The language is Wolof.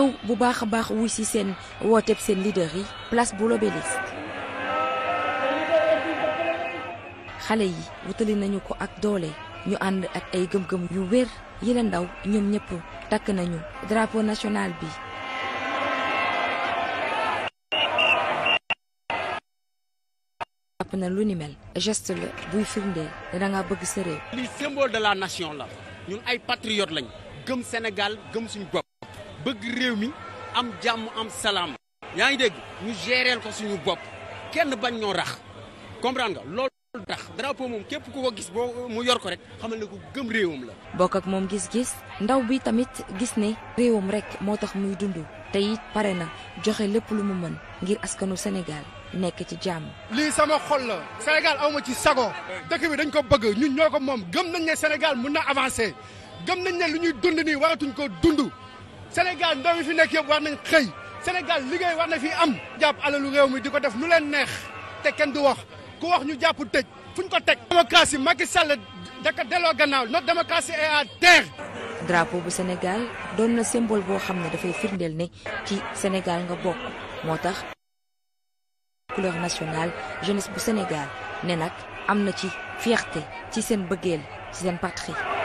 ñëw bu baax a baax wuy ci seen wooteeb seen leader yi place bu l'Obélisque xale yi wutali nañu ko ak doole ñu ànd ak ay gëm-gëm yu wér yi ndaw ñoom ñëpp takk nañu drapeau national bi jàpp na lu ni mel geste buy firndeel ne da bëgg sa réew li de la nation la ñun ay patriote lañ gëm Sénégal gëm suñu bopp bëgg réew mi am jàmm am salaam. yaa ngi dégg ñu géreel ko suñu bopp kenn bañ ñoo rax comprendre nga loolu tax drapeau moom képp ku ko gis boo mu yor ko rek xamal ne ku gëm réewam la. bokk ak moom gis-gis ndaw bi tamit gis ne réewam rek moo tax muy dund te pare na joxe lépp lu mu mën ngir askanu Sénégal. nekk ci jàmm. lii sama xol la Sénégal aw ci sago dëkk bi dañ ko bëgg ñu ñoo ko moom gëm nañ ne Sénégal mun na avancer gëm nañ ne lu ñuy dund nii ko dund Sénégal ndaw yi fi nekk yëpp war nañ xëy Sénégal liggéey war na fi am. jàpp alalu réew mi di ko def nu leen neex te kenn du wax ku wax ñu jàpp tëj fu ñu ko teg. démocratie Macky Sall delloo gannaaw notre démocratie est à terre. bu Sénégal doon na symbole boo xam ne dafay firndeel ne ci senegal nga bokk moo tax. couleur nationale jeunesse bu Sénégal ne nag am na ci fierté ci seen bëggeel ci seen patrie.